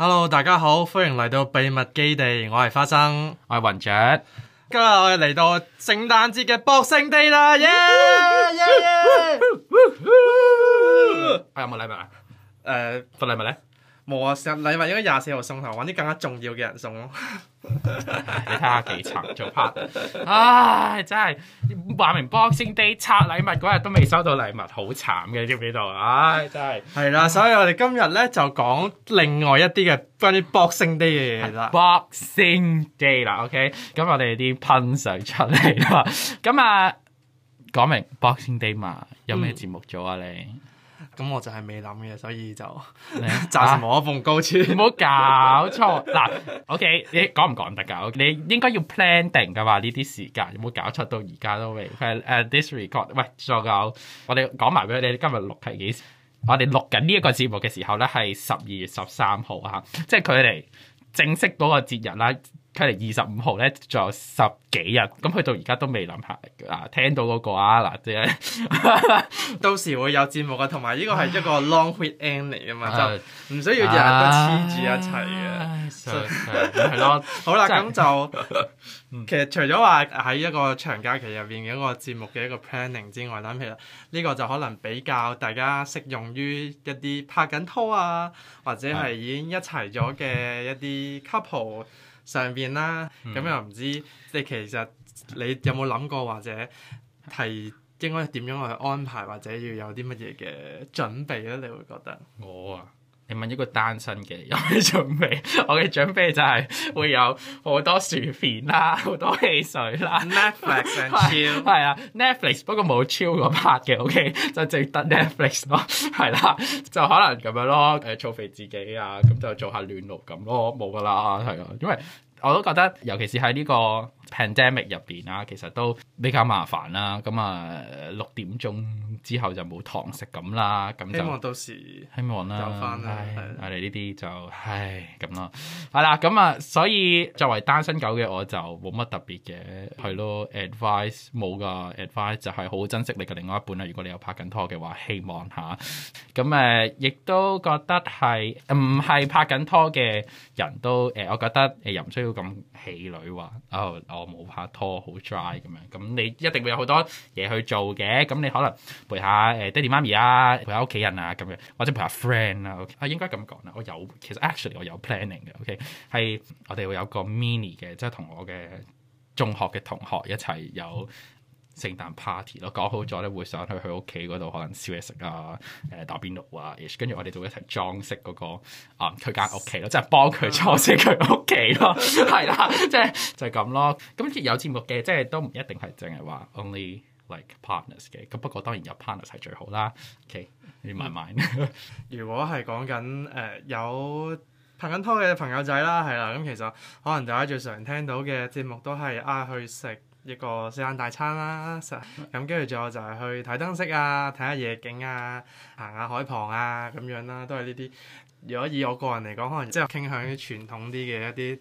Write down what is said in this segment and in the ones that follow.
Hello，大家好，歡迎嚟到秘密 GAY 地，我係花生，我係雲雀， 今日我哋嚟到聖誕節嘅撲性 Day 啦，耶耶耶！哎呀，冇禮物啊，誒、uh，份禮物呢？冇啊！送禮物應該廿四號送頭，揾啲更加重要嘅人送咯 哎。你睇下幾層做 part，唉、哎，真係話明 boxing day 拆禮物嗰日都未收到禮物，好慘嘅，知唔知度？唉、哎，真係的。係啦、哎，所以我哋今日咧就講另外一啲嘅關於 boxing day 嘅嘢啦。 boxing day 啦，OK，咁我哋啲噴相出嚟啦。咁 啊，講明 boxing day 嘛，有咩節目做啊你？嗯咁我就係未諗嘅，所以就暫時冇可奉告。唔好 搞錯嗱 ，OK，你講唔講得㗎？Okay, 你應該要 plan 定㗎嘛呢啲時間，有冇搞錯到而家都未？係、okay, 誒、uh，this record，喂仲有，我哋講埋俾你，今日錄係幾時？我哋錄緊呢一個節目嘅時候咧，係十二月十三號啊，即係佢哋正式嗰個節日啦。出嚟二十五號咧，仲有十幾日，咁去到而家都未諗下啊！聽到嗰個啊，嗱，即係到時會有節目嘅，同埋呢個係一個 long weekend 嚟嘅嘛，uh, 就唔需要日日都黐住一齊嘅。係咯，好啦，咁就 其實除咗話喺一個長假期入邊嘅一個節目嘅一個 planning 之外，諗起啦，呢個就可能比較大家適用於一啲拍緊拖啊，或者係已經一齊咗嘅一啲 couple。 上邊啦，咁又唔知你其實你有冇諗過或者係應該點樣去安排，或者要有啲乜嘢嘅準備咧？你會覺得我啊，你問一個單身嘅有咩準備？ 我嘅準備就係、是、 會有好多薯片啦，好多汽水啦 ，Netflix and chill 係 啊，Netflix 不過冇 chill 嗰 part 嘅，OK 就淨得 Netflix 咯，係 啦、啊，就可能咁樣咯，誒、呃、儲肥自己啊，咁就做下暖爐咁咯，冇噶啦，係啊，因為。我都覺得，尤其是喺呢個 pandemic 入邊啊，其實都比較麻煩啦、啊。咁啊，六點鐘之後就冇堂食咁啦。咁就希望到時希望啦，有翻啦。係，我哋呢啲就唉咁咯。係啦，咁啊，所以作為單身狗嘅我就冇乜特別嘅，係咯。Advice 冇㗎，Advice 就係好珍惜你嘅另外一半啦。如果你有拍緊拖嘅話，希望吓。咁誒、啊，亦都覺得係唔係拍緊拖嘅人都誒、呃，我覺得誒唔、呃、需要。都咁氣女話啊，oh, 我冇拍拖，好 dry 咁樣。咁你一定會有好多嘢去做嘅。咁你可能陪下誒爹哋媽咪啊，陪下屋企人啊咁樣，或者陪下 friend 啊。Okay? 啊，應該咁講啦。我有，其實 actually 我有 planning 嘅。OK，係我哋會有個 mini 嘅，即係同我嘅中學嘅同學一齊有。嗯聖誕 party 咯，講好咗咧，會上去佢屋企嗰度，可能燒嘢食啊、誒、呃、打邊爐啊， 跟住我哋就會一齊裝飾嗰、嗰個啊佢間屋企咯，即係幫佢裝飾佢屋企咯，係啦，即係就係咁咯。咁有節目嘅，即係都唔一定係淨係話 only like partners 嘅，咁不過當然有 partners 係最好啦。OK，慢慢如果係講緊誒有拍緊拖嘅朋友仔啦，係啦，咁其實可能大家最常聽到嘅節目都係啊去食。一個聖誕大餐啦，咁跟住仲有就係去睇燈飾啊，睇下夜景啊，行下海旁啊，咁樣啦，都係呢啲。如果以我個人嚟講，可能即係傾向於傳統啲嘅一啲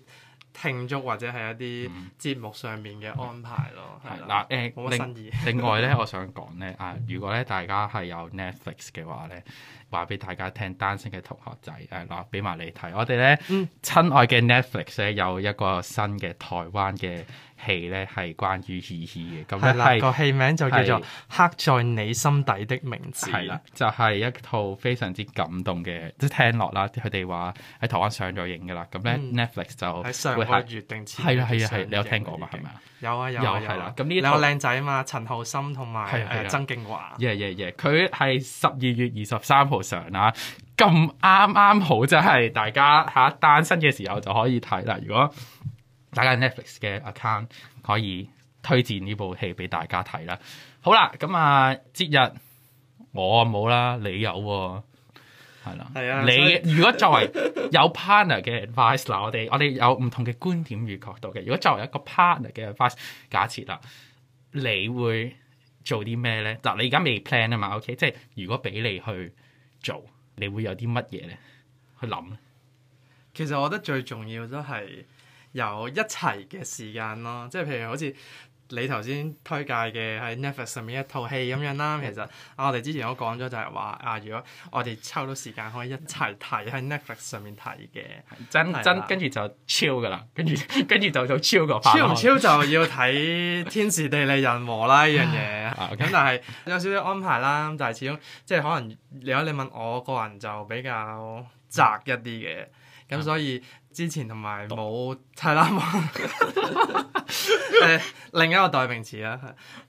慶祝或者係一啲節目上面嘅安排咯。係啦，誒，冇乜新意。另外咧， 我想講咧，啊，如果咧大家係有 Netflix 嘅話咧。話俾大家聽，單身嘅同學仔，誒，攞俾埋你睇。我哋咧，親愛嘅 Netflix 咧有一個新嘅台灣嘅戲咧，係關於喜喜嘅。咁咧，個戲名就叫做《刻在你心底的名字》。係啦，就係一套非常之感動嘅，即係聽落啦。佢哋話喺台灣上咗映㗎啦。咁咧，Netflix 就會係上個月定前上映。係啦，係啊，係，你有聽過嘛？係咪啊？有啊有啊，係啦、啊，咁呢兩個靚仔啊嘛，陳昊森同埋誒曾敬驊，耶耶耶，佢係十二月二十三號上啊，咁啱啱好就係大家吓單身嘅時候就可以睇啦。如果大家 Netflix 嘅 account 可以推薦呢部戲俾大家睇啦。好啦，咁啊節日我冇啦，你有、啊。係啦，你以如果作為有 partner 嘅 advice，嗱 我哋我哋有唔同嘅觀點與角度嘅。如果作為一個 partner 嘅 advice，假設啦，你會做啲咩咧？嗱，你而家未 plan 啊嘛？OK，即係如果俾你去做，你會有啲乜嘢咧？去諗咧？其實我覺得最重要都係有一齊嘅時間咯，即係譬如好似，你頭先推介嘅喺 Netflix 上面一套戲咁樣啦，啊，其實啊，我哋之前都講咗就係話啊，如果我哋抽到時間可以一齊睇喺 Netflix 上面睇嘅，真吧真跟住就 chill 㗎啦，跟住跟住就到 chill 㗎。chill 唔 chill 就要睇天時地利人和啦呢樣嘢，咁但係有少少安排啦，咁但係始終即係可能如果你問我個人就比較窄一啲嘅。嗯咁、嗯、所以之前同埋冇係啦，誒另一個代名詞啦。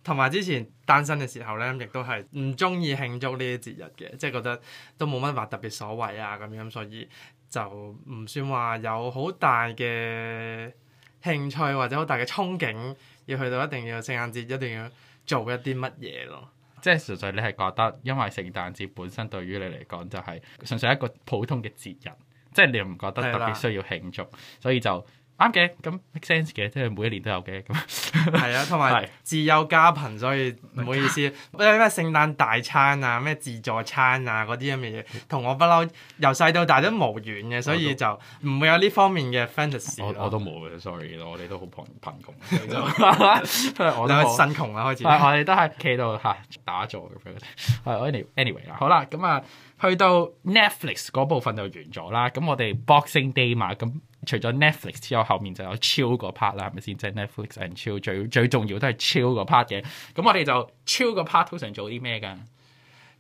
同埋之前單身嘅時候咧，亦都係唔中意慶祝呢啲節日嘅，即係覺得都冇乜話特別所謂啊。咁樣所以就唔算話有好大嘅興趣或者好大嘅憧憬要去到一定要聖誕節，一定要做一啲乜嘢咯。即係純粹你係覺得，因為聖誕節本身對於你嚟講就係純粹一個普通嘅節日。即係你又唔覺得特別需要慶祝，的所以就。啱嘅，咁 make sense 嘅，即係每一年都有嘅。咁係啊，同埋自幼家貧，所以唔好意思。咩咩 聖誕大餐啊，咩自助餐啊，嗰啲咁嘅嘢，同我不嬲由細到大都無緣嘅，所以就唔會有呢方面嘅 fantasy 咯。我都冇嘅，sorry，我哋都好貧貧窮， 我都貧窮啦。開始， 我哋都係企度嚇打坐咁樣。係 anyway，anyway 啦。好啦，咁啊，去到 Netflix 嗰部分就完咗啦。咁我哋 boxing day 嘛，咁。除咗 netflix 之外後面就有 chill 個 part 啦，係咪先，即係 netflix and chill 最最重要都係 chill 個 part 嘅，咁我哋就 chill 個 part 通常做啲咩㗎？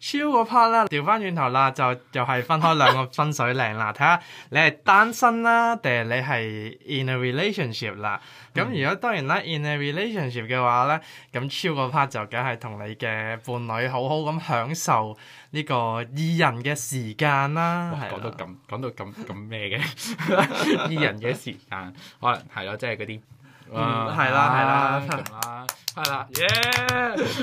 Chill 個 part 啦，調翻轉頭啦，就就係、是、分開兩個分水嶺啦。睇下 你係單身啦，定係你係 in a relationship 啦。咁、嗯、如果當然啦，in a relationship 嘅話咧，咁 Chill 個 part 就梗係同你嘅伴侶好好咁享受呢個二人嘅時間啦。講哇、啊、到咁，講到咁咁咩嘅二人嘅時間，可能係咯，即係嗰啲。就是嗯，係啦，係哇啦，係、啊、啦，係啦，耶！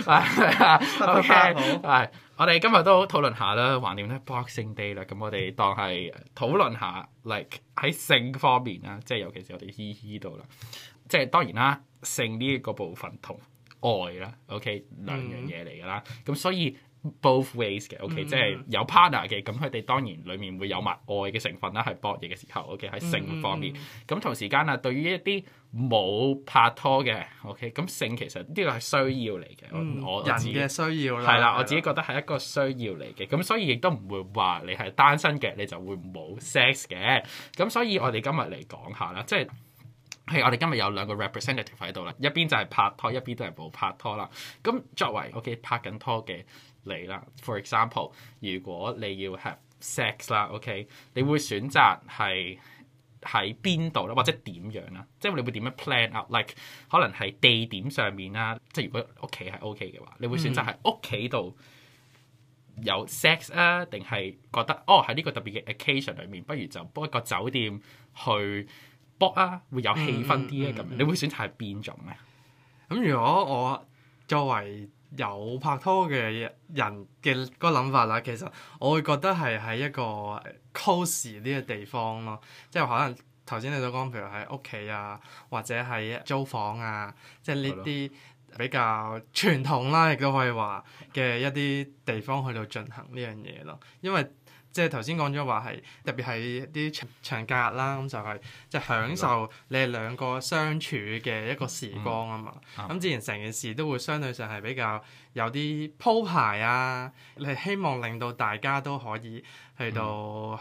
係啊，O K，係，我哋今日都好討論下啦，橫掂都係 Boxing Day 啦，咁我哋當係討論下 ，l i k e 喺性方面啦，即係尤其是我哋嘻嘻度啦，即係當然啦，性呢一個部分同愛啦，O、okay? K，兩樣嘢嚟㗎啦，咁、嗯、所以。Both ways 嘅，OK，嗯、即係有 partner 嘅，咁佢哋當然裡面會有埋愛嘅成分啦，喺博弈嘅時候，OK，喺性方面。咁、嗯、同時間啊，對於一啲冇拍拖嘅，OK，咁性其實呢個係需要嚟嘅，嗯、我自己人嘅需要啦，係啦，我自己覺得係一個需要嚟嘅，咁的所以亦都唔會話你係單身嘅你就會冇 sex 嘅。咁所以我哋今日嚟講下啦，即、就、係、是。係，hey, 我哋今日有兩個 representative 喺度啦，一邊就係拍拖，一邊都係冇拍拖啦。咁作為 OK 拍緊拖嘅你啦，for example，如果你要 have sex 啦，OK，你會選擇係喺邊度咧，或者點樣咧？即係你會點樣 plan out，like 可能係地點上面啦，即係如果屋企係 OK 嘅話，你會選擇喺屋企度有 sex 啊？定係覺得哦喺呢個特別嘅 occasion 裏面，不如就 book 一個酒店去。撲啊，會有氣氛啲啊，咁、嗯嗯、你會選擇係邊種咧？咁如果我作為有拍拖嘅人嘅個諗法啦，其實我會覺得係喺一個 cosy 呢個地方咯，即係可能頭先你所講，譬如喺屋企啊，或者喺租房啊，即係呢啲比較傳統啦，亦都可以話嘅一啲地方去到進行呢樣嘢咯，因為。即係頭先講咗話係特別係啲長長假啦，咁就係即係享受你哋兩個相處嘅一個時光啊嘛。咁、嗯嗯、自然成件事都會相對上係比較有啲鋪排啊，你係希望令到大家都可以去到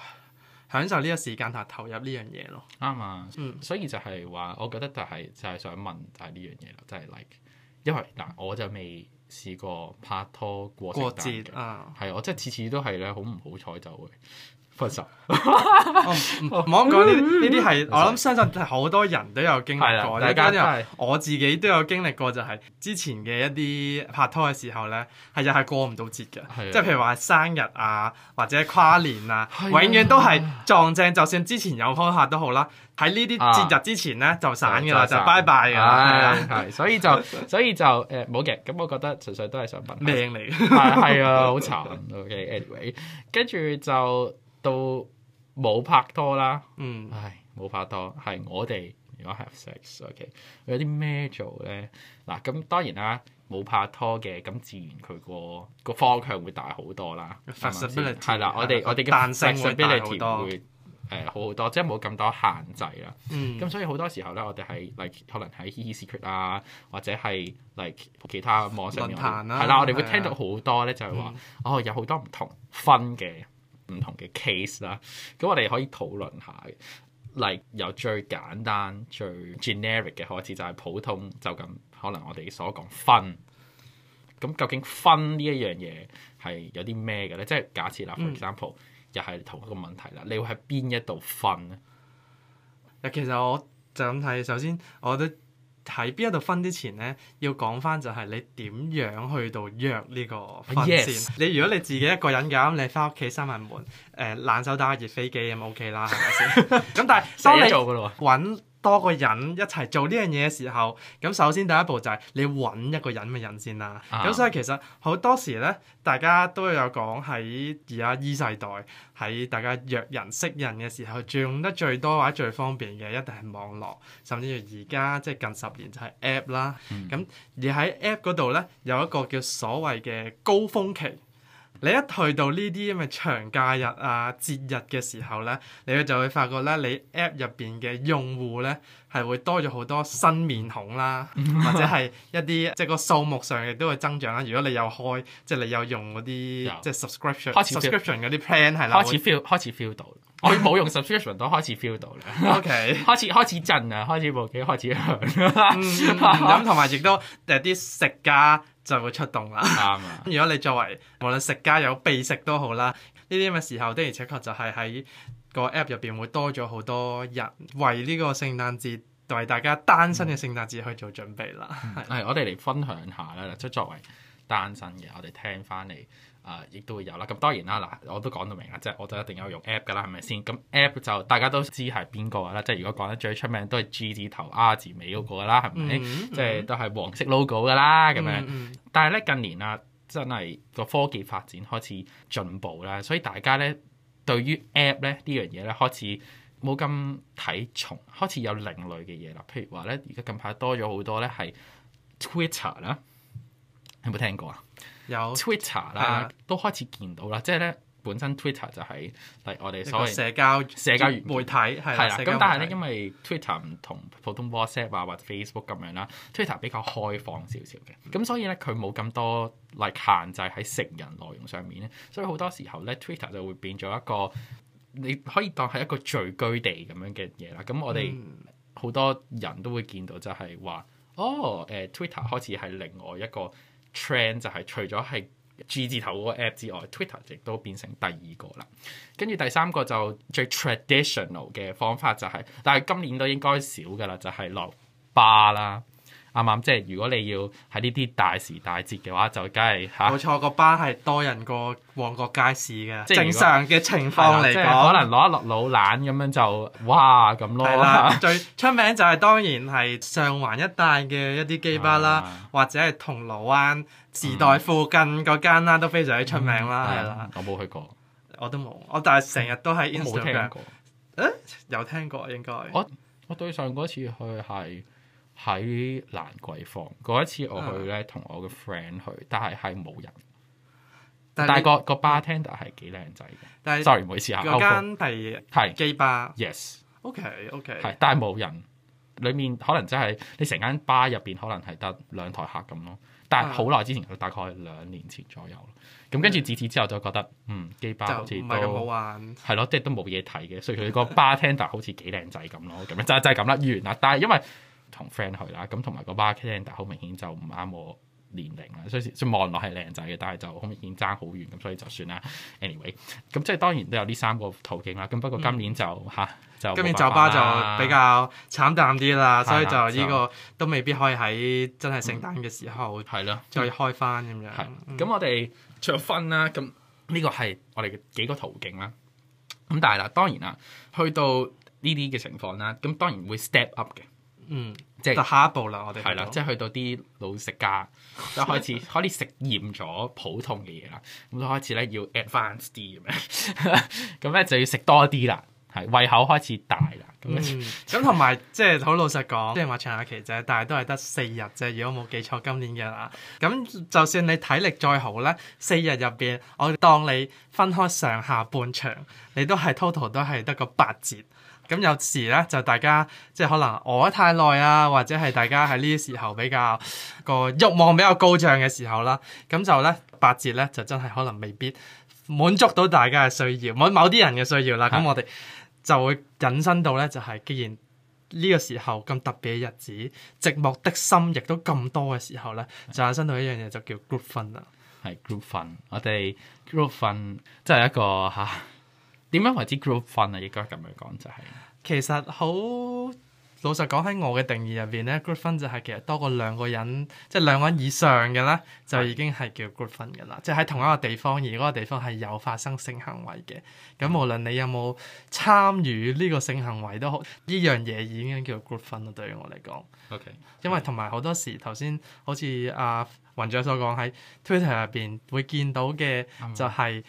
享受呢個時間同埋投入呢樣嘢咯。啱啊，嗯，嗯所以就係話，我覺得就係就係想問就係呢樣嘢咯，即、就、係、是、like，因為嗱、嗯、我就未。試過拍拖過,過節嘅，係、啊、我即係次次都係咧，好唔好彩就會。p e r c e 講呢啲係，我諗相信好多人都有經歷過，大家又，我自己都有經歷過就係之前嘅一啲拍拖嘅時候呢，係又係過唔到節嘅，即係譬如話生日啊，或者跨年啊，永遠都係撞正，就算之前有開客都好啦，喺呢啲節日之前呢，就散噶啦，就拜拜 e b 噶啦，係，所以就所以就誒冇嘅，咁我覺得純粹都係想問，命嚟，係啊，好慘，ok anyway，跟住就。都冇拍拖啦，嗯，唉，冇拍拖，係我哋如果 have sex，ok，有啲咩做咧？嗱，咁當然啦，冇拍拖嘅，咁自然佢個個方向會大好多啦。Flexibility 係啦，我哋我哋嘅 flexibility 會誒好好多，即係冇咁多限制啦。咁所以好多時候咧，我哋係例如可能喺 secret 啊，或者係例如其他網上面，係啦，我哋會聽到好多咧，就係話哦，有好多唔同分嘅。唔同嘅 case 啦，咁我哋可以討論下嘅。例如由最簡單、最 generic 嘅開始，就係、是、普通就咁。可能我哋所講分，咁究竟分呢一樣嘢係有啲咩嘅咧？即係假設啦，for example，又係同一個問題啦。你會喺邊一度分咧？其實我就咁睇，首先我覺得。喺邊一度分啲錢咧，要講翻就係你點樣去到約呢個分先。Yes. 你如果你自己一個人咁，你翻屋企閂埋門，誒、呃，冷手打下熱飛機咁 OK 啦，係咪先？咁 但係收咗做噶咯喎，搵。 多個人一齊做呢樣嘢嘅時候，咁首先第一步就係你揾一個人嘅人先啦。咁、啊、所以其實好多時咧，大家都有講喺而家依世代喺大家約人識人嘅時候，用得最多或者最方便嘅一定係網絡，甚至而家即係近十年就係 App 啦。咁、嗯、而喺 App 嗰度咧，有一個叫所謂嘅高峰期。你一去到呢啲咁嘅長假日啊、節日嘅時候咧，你就會發覺咧，你 App 入邊嘅用戶咧係會多咗好多新面孔啦，或者係一啲即係個數目上亦都會增長啦。如果你有開即係、就是、你有用嗰啲即係 subscription、subscription 嗰啲 plan 係啦，開始 feel, feel. 開始 feel 到，我冇用 subscription 都開始 feel 到啦。OK，開始開始震啊，開始暴擊，開始響啦。咁同埋亦都誒啲食家，就會出動啦。啱啊！咁如果你作為無論食家有備食都好啦，呢啲咁嘅時候的，而且確就係喺個 app 入邊會多咗好多人，為呢個聖誕節，為大家單身嘅聖誕節去做準備啦。係、嗯的，我哋嚟分享下啦，即係作為單身嘅，我哋聽翻嚟。啊，亦、呃、都會有啦。咁當然啦，嗱，我都講到明啊，即係我就一定有用 app 嘅啦，係咪先？咁 app 就大家都知係邊個啦，即係如果講得最出名都係 G 字頭 R 字尾嗰個啦，係咪？嗯嗯、即係都係黃色 logo 嘅啦，咁、嗯、樣。嗯、但係咧近年啊，真係個科技發展開始進步啦，所以大家咧對於 app 咧呢樣嘢咧開始冇咁睇重，開始有另類嘅嘢啦。譬如話咧，而家近排多咗好多咧係 Twitter 啦，Tw 有冇聽過啊？有 Twitter 啦的，都開始見到啦。的即係咧，本身 Twitter 就係，我哋所謂社交的社交媒體係啦。咁的但係咧，因為 Twitter 唔同普通 WhatsApp 啊或者 Facebook 咁樣啦，Twitter 比較開放少少嘅。咁、嗯、所以咧，佢冇咁多嚟、like，限制喺成人內容上面咧。所以好多時候咧，Twitter 就會變咗一個你可以當係一個聚居地咁樣嘅嘢啦。咁我哋好多人都會見到就係話，嗯、哦、誒、呃、Twitter 開始係另外一個。Trend 就係除咗係 G 字頭嗰個 app 之外，Twitter 亦都變成第二個啦。跟住第三個就最 traditional 嘅方法就係、是，但係今年都應該少㗎、就是、啦，就係落 bar 啦。啱啱即係如果你要喺呢啲大時大節嘅話，就梗係嚇。冇、啊、錯，個巴係多人過旺角街市嘅，正常嘅情況嚟講，可能攞一粒老懶咁樣就哇咁咯。係啦、啊， 最出名就係、是、當然係上環一帶嘅一啲基巴啦，啊、或者係銅鑼灣時代附近嗰間啦，嗯、都非常之出名啦，係啦、嗯的嗯。我冇去過，我都冇，我但係成日都喺 Instagram 有聽過啊。應該我我，我對上嗰次去係。喺蘭桂坊嗰一次，我去咧同我嘅 friend 去，但係係冇人。但係，那個個 bartender 係幾靚仔嘅。但係、嗯、sorry，唔好意思嚇。嗰間第二係雞巴。Yes，OK，OK、oh。係 yes、okay, okay，但係冇人。裡面可能真、就、係、是、你成間巴入邊可能係得兩台客咁咯。但係好耐之前，大概兩年前左右。咁跟住自此之後就覺得嗯，雞巴好似唔係咁好玩。係咯，即係都冇嘢睇嘅，所以佢個 bartender 好似幾靚仔咁咯。咁樣就，就係咁啦，完啦。但係因為同 friend 去啦，咁同埋個 bartender 好明顯就唔啱我年齡啦，所以望落係靚仔嘅，但係就好明顯爭好遠，咁所以就算啦。anyway，咁即係當然都有呢三個途徑啦，咁不過今年就嚇、嗯啊、就今年酒吧就比較慘淡啲啦，了所以就呢個都未必可以喺真係聖誕嘅時候係咯，再開翻咁的樣。咁我哋着婚啦，咁呢個係我哋嘅幾個途徑啦。咁但係啦，當然啦，去到呢啲嘅情況啦，咁當然會 step up 嘅。嗯，即係下一步啦，我哋係啦，即係去到啲老食家，就 開始可以食厭咗普通嘅嘢啦，咁開始咧要 advanced 啲咁咧就要食多啲啦，係胃口開始大啦。咁咁同埋即係好老實講，即人話長假期啫，但係都係得四日啫，如果冇記錯今年嘅啦。咁就算你體力再好咧，四日入邊，我當你分開上下半場，你都係 total 都係得個八折。咁有時咧，就大家即係可能餓得太耐啊，或者係大家喺呢啲時候比較個欲望比較高漲嘅時候啦，咁就咧八折咧就真係可能未必滿足到大家嘅需要，某某啲人嘅需要啦。咁是我哋就會引申到咧，就係、是、既然呢個時候咁特別嘅日子，寂寞的心亦都咁多嘅時候咧，是就引申到一樣嘢就叫 group fun 啦。係 group fun，我哋 group fun 真係一個嚇。 點樣為之 group 分啊？應該咁樣講就係其實好老實講，喺我嘅定義入邊咧，group 分就係其實多過兩個人，即、就、係、是、兩個人以上嘅咧，就已經係叫 group 分嘅啦。即係喺同一個地方，而嗰個地方係有發生性行為嘅。咁無論你有冇即係參與呢個性行為都好，呢樣嘢已經叫 group 分啦。對於我嚟講，OK，因為同埋好多時頭先好似阿、啊、雲長所講喺 Twitter 入邊會見到嘅就係、是。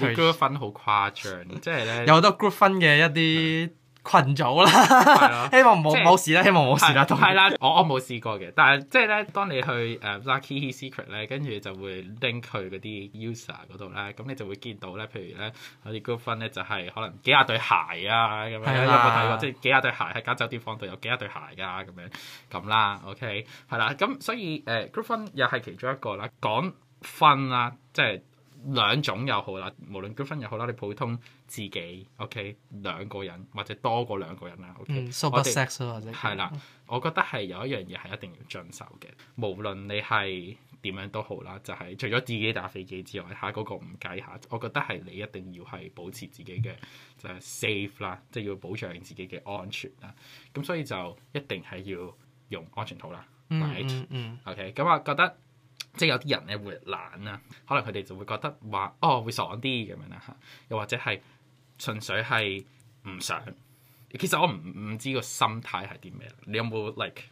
group 分好誇張，即係咧有好多 group 分嘅一啲群組啦，了希望冇冇事啦，就是、希望冇事啦，啦對是。我冇試過嘅，但係即係咧，當你去誒 Lucky Secret 咧，跟住就會拎佢嗰啲 user 嗰度咧，咁你就會見到咧，譬如咧有啲 group 分咧就係可能幾廿對鞋啊咁的樣，有冇睇過？即、就、係、是、幾廿對鞋喺間酒店房度有幾廿、啊 okay, 對鞋噶咁樣咁啦，OK，係啦，咁所以誒、呃、group 分又係其中一個啦，講分啦，即、就、係、是。兩種又好啦，無論結婚又好啦，你普通自己 OK 兩個人或者多過兩個人啦，OK 嗯。嗯，so 不 sex 或者。係啦、就是，我覺得係有一樣嘢係一定要遵守嘅，無論你係點樣都好啦，就係、是、除咗自己打飛機之外，下，嗰個唔計下，我覺得係你一定要係保持自己嘅就係、是、safe 啦，即係要保障自己嘅安全啊。咁所以就一定係要用安全套啦，right？OK，嗯嗯嗯 okay? 咁我覺得。即係有啲人咧會懶啊，可能佢哋就會覺得話哦會爽啲咁樣啦吓，又或者係純粹係唔想。其實我唔唔知個心態係啲咩，你有冇 like？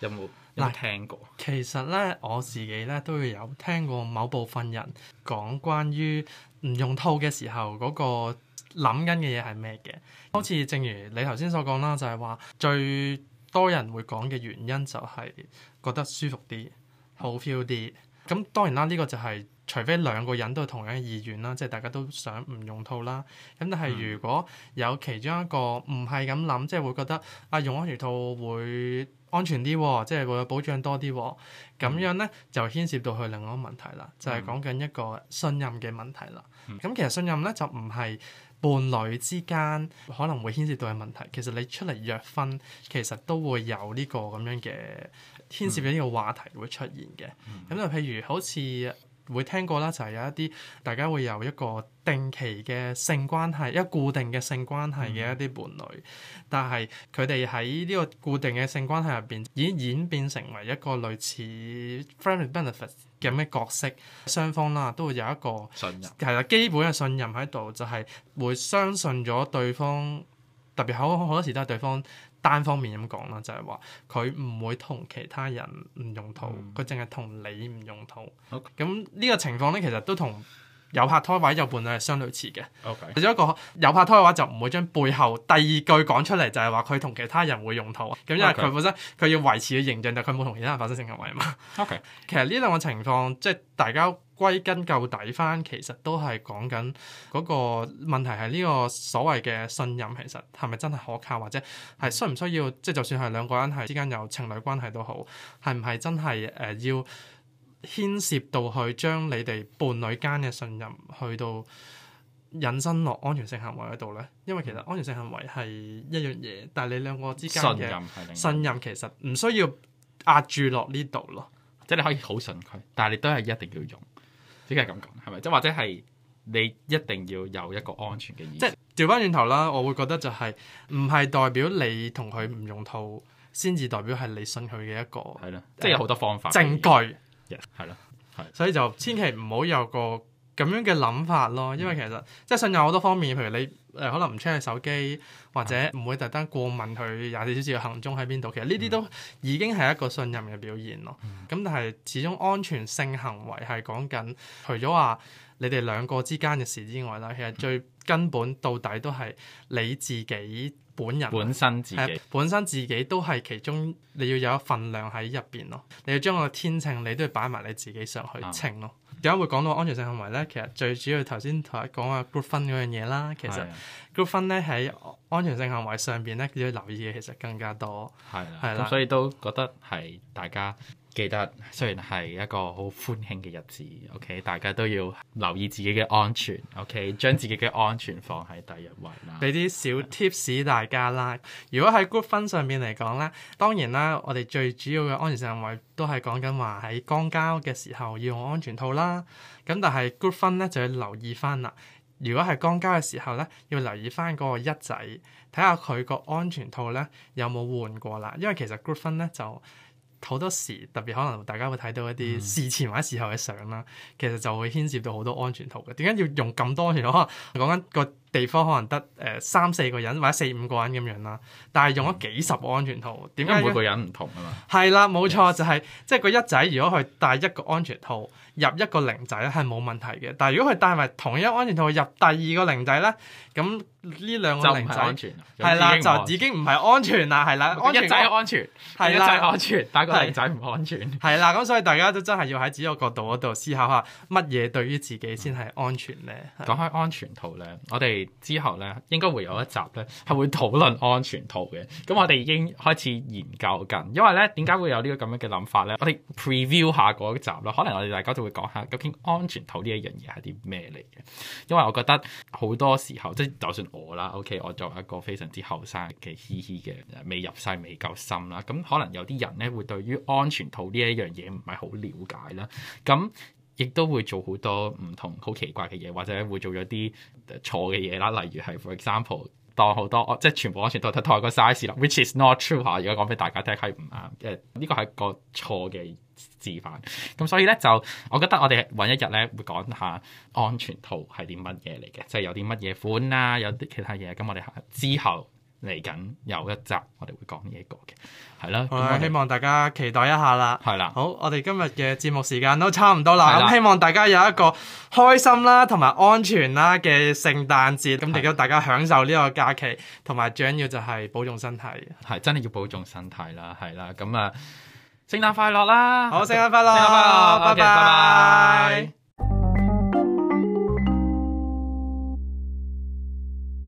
有冇有冇來聽過？其實咧，我自己咧都會有聽過某部分人講關於唔用套嘅時候嗰、那個諗緊嘅嘢係咩嘅？好似、嗯、正如你頭先所講啦，就係、是、話最多人會講嘅原因就係覺得舒服啲。好 feel 啲，咁當然啦，呢個就係除非兩個人都係同樣意願啦，即係大家都想唔用套啦。咁但係如果有其中一個唔係咁諗，即係、嗯、會覺得啊用安全套會安全啲喎，即係會有保障多啲喎。咁樣咧就牽涉到佢另外一個問題啦，就係講緊一個信任嘅問題啦。咁、嗯、其實信任咧就唔係。伴侶之間可能會牽涉到嘅問題，其實你出嚟約婚，其實都會有呢個咁樣嘅牽涉到呢個話題會出現嘅。咁、嗯、就譬如好似會聽過啦，就係、是、有一啲大家會有一個定期嘅性關係，一固定嘅性關係嘅一啲伴侶，但係佢哋喺呢個固定嘅性關係入邊，已經演變成為一個類似 friends with benefits。嘅咩角色，雙方啦都會有一個信任，係啦基本嘅信任喺度，就係、是、會相信咗對方。特別喺好多時都係對方單方面咁講啦，就係話佢唔會同其他人唔用套，佢淨係同你唔用套。咁呢好個情況咧，其實都同，有拍拖位有伴侶係相類似嘅，其中一個有拍拖嘅話就唔會將背後第二句講出嚟，就係話佢同其他人會用圖，咁 Okay. 因為佢本身佢要維持嘅形象，就係佢冇同其他人發生性行為嘛。Okay. 其實呢兩個情況，即係大家歸根究底翻，其實都係講緊嗰個問題係呢個所謂嘅信任，其實係咪真係可靠，或者係需唔需要，即係就算係兩個人係之間有情侶關係都好，係唔係真係誒、呃、要？牽涉到去將你哋伴侶間嘅信任去到引申落安全性行為嗰度咧，因為其實安全性行為係一樣嘢，但係你兩個之間嘅信任其實唔需要壓住落呢度咯，嗯、即係你可以好信佢，但係你都係一定要用，點解咁講？係咪？即或者係你一定要有一個安全嘅意識，嗯嗯、即係調翻轉頭啦，我會覺得就係唔係代表你同佢唔用套，先至代表係你信佢嘅一個係咯，嗯、即係有好多方法、啊、證據。係咯，係，yeah, right, right. 所以就千祈唔好有個咁樣嘅諗法咯，因為其實、嗯、即係信任好多方面，譬如你誒、呃、可能唔 check 手機，或者唔是的 會特登過問佢廿四小時嘅行蹤喺邊度，其實呢啲都已經係一個信任嘅表現咯。咁、嗯、但係始終安全性行為係講緊，除咗話。你哋兩個之間嘅事之外啦，其實最根本到底都係你自己本人本身自己，本身自己都係其中你要有一份量喺入邊咯。你要將個天秤，你都要擺埋你自己上去稱咯。點解、啊、會講到安全性行為咧？其實最主要頭先同佢講話 group 分嗰樣嘢啦。其實 group 分咧喺安全性行為上邊咧，你要留意嘅其實更加多。係啦，係啦，所以都覺得係大家。記得雖然係一個好歡慶嘅日子，OK，大家都要留意自己嘅安全，OK，將自己嘅安全放喺第一位啦。俾啲 小 tips 大家啦。如果喺 group 分上面嚟講咧，當然啦，我哋最主要嘅安全責位都係講緊話喺剛交嘅時候要用安全套啦。咁但係 group 分咧就要留意翻啦。如果係剛交嘅時候咧，要留意翻個一仔，睇下佢個安全套咧有冇換過啦。因為其實 group 分咧就～好多時特別可能大家會睇到一啲事前或者事後嘅相啦，其實就會牽涉到好多安全套嘅。點解要用咁多安全套可能講緊個地方可能得誒三四個人或者四五個人咁樣啦，但係用咗幾十個安全套，點解、嗯、每個人唔同嘅嘛？係啦，冇錯，Yes. 就係即係個一仔，如果佢帶一個安全套入一個零仔，係冇問題嘅。但係如果佢帶埋同一個安全套入第二個零仔咧，咁呢兩個零仔就唔安全，啊。係啦，就已經唔係安全啦。係啦， 安全一仔安全，係啦的，一仔安全，但個零仔唔安全。係啦，咁所以大家都真係要喺自己個角度嗰度思考下，乜嘢對於自己先係安全咧？講開安全套咧，我哋。之後咧，應該會有一集咧係會討論安全套嘅。咁我哋已經開始研究緊，因為咧點解會有呢個咁樣嘅諗法咧？我哋 preview 下嗰集啦，可能我哋大家就會講下究竟安全套呢一樣嘢係啲咩嚟嘅？因為我覺得好多時候即係、就是、就算我啦，OK，我作為一個非常之後生嘅嘻嘻嘅，未入世未夠深啦，咁可能有啲人咧會對於安全套呢一樣嘢唔係好了解啦，咁。亦都會做好多唔同好奇怪嘅嘢，或者會做咗啲錯嘅嘢啦。例如係，for example，當好多即係全部安全套都係同一個 size 啦，which is not true 嚇。如果講俾大家聽係唔啱嘅，呢、這個係個錯嘅示範。咁所以咧就，我覺得我哋揾一日咧會講下安全套係啲乜嘢嚟嘅？即係有啲乜嘢款啊，有啲其他嘢。咁我哋之後。嚟緊有一集，我哋會講呢一個嘅，係啦，的希望大家期待一下啦，係啦的，好，我哋今日嘅節目時間都差唔多啦，咁的希望大家有一個開心啦，同埋安全啦嘅聖誕節，咁亦都大家享受呢個假期，同埋最緊要就係保重身體，係真係要保重身體啦，係啦，咁啊，聖誕快樂啦，好，聖誕快樂，聖誕快樂，拜拜。Okay, 拜拜。